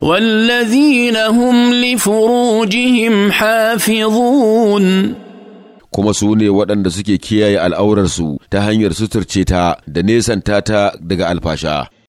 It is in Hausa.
والذين هم لفروجهم حافظون kuma su ne waɗanda suke kiyaye al'aurarsu ta hanyar suturce ta da nesanta ta daga alfasha.